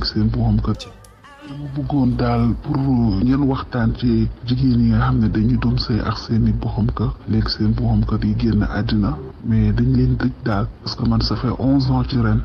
nekk seen boppam bëggoon daal pour ngeen waxtaan ci jigéen yi nga xam ne dañuy doon sëy ak seen i boppam kat nekk seen boppam kat yi génn àddina mais dañ leen tëj daal parce que man ça fait onze ans ci ren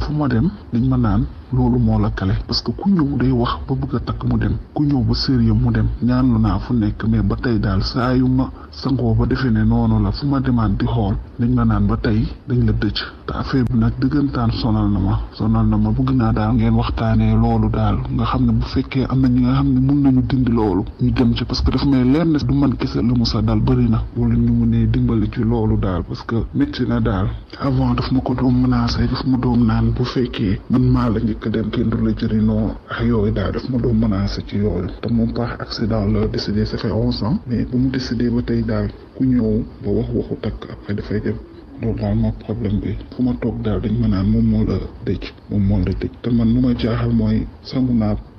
fu ma dem dañ ma naan loolu moo la kale parce que ku ñëw day wax ba bëgg a takk mu dem ku ñëw ba sérieux mu dem ñaan lu naa fu nekk mais ba tey daal saa yu ma sangoo ba defee ne noonu la fu ma demaat di xool dañ ma naan ba tey dañ la dëcc te affaire bi nag dëggantaan sonal na ma sonal na ma bëgg naa daal ngeen waxtaanee loolu daal nga xam ne bu fekkee am na ñi nga xam ne mun nañu dindi loolu ñu dem ci parce que daf may leer ne du man kese la mu sa dal bëri na wala ñu mu ne dimbali ci loolu daal que daal avant daf ma ko doom menacé daf ma doom naan bu fekkee man maa la njëkk dem kenn du la jëriñoo ak daal daf ma doom menacé ci yooyu te moom par accident la décidé ça fait onze ans mais bu mu décidé ba tey daal ku ñëw ba wax waxu takk après dafay dem daal moo problème bi fu ma toog daal dañ ma naan moom moo la dëj moom moo la dëj te man nu ma jaaxal mooy sangu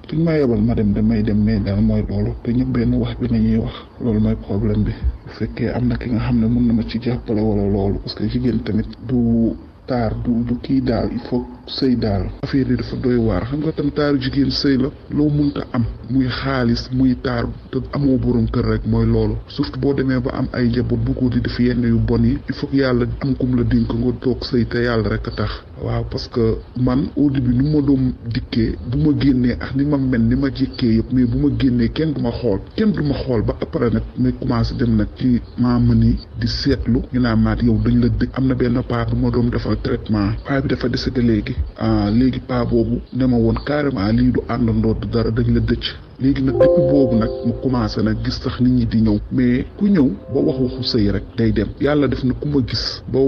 duñ ma yebal ma dem damay dem mais daal mooy loolu te ñëpp benn wax bi nañuy wax loolu mooy problème bi bu fekkee am na ki nga xam ne mun na ma ci jàppale wala loolu parce que jigéen tamit du taar du du kii daal il faut sëy daal affaire yi dafa doy waar xam nga tam taaru jigéen sëy la loo munta am muy xaalis muy taar te amoo borom kër rek mooy loolu surtout boo demee ba am ay njaboot bu ko di def yenn yu bon yi il faut yàlla am kum la dénk nga toog sëy yàlla rek tax waaw parce que man au bi nu ma doom dikkee bu ma génnee ak ni ma mel ni ma jëkkee yëpp mais bu ma génnee kenn du ma xool kenn du ma xool ba après nag may commencé dem nag ci maa mëni di seetlu ñu naa maat yow dañ la dëkk am na benn paa bu ma doon defal traitement paa bi dafa décédé léegi ah, léegi paa boobu ne ma woon carrément lii du àndandoo du dara dañ la dëcc léegi nag depuis boobu nag mu commencé nag gis sax nit ñi di ñëw mais ku ñëw ba waxu sëy rek day dem yàlla def na ku ma gis ba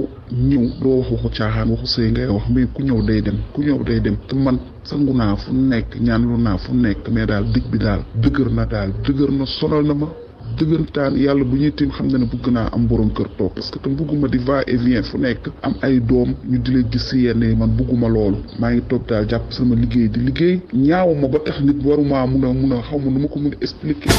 ñëw doo wax waxu caaxaan waxu sëy ngay wax mais ku ñëw day dem ku ñëw day dem te man sangu naa fu nekk ñaan lu naa fu nekk mais daal dëj bi daal dëgër na daal dëgër na sonal na ma dëggantaan yàlla bu ñuy tiim xam na ne bëgg naa am boroom kër toog parce que te bëgguma di va et vient fu nekk am ay doom ñu di la gis si yenn yi man bëgguma loolu maa ngi toog daal jàpp sama liggéey di liggéey ñaawuma ba tax nit waruma mun a mun a xaw ma nu ma ko mun a expliquer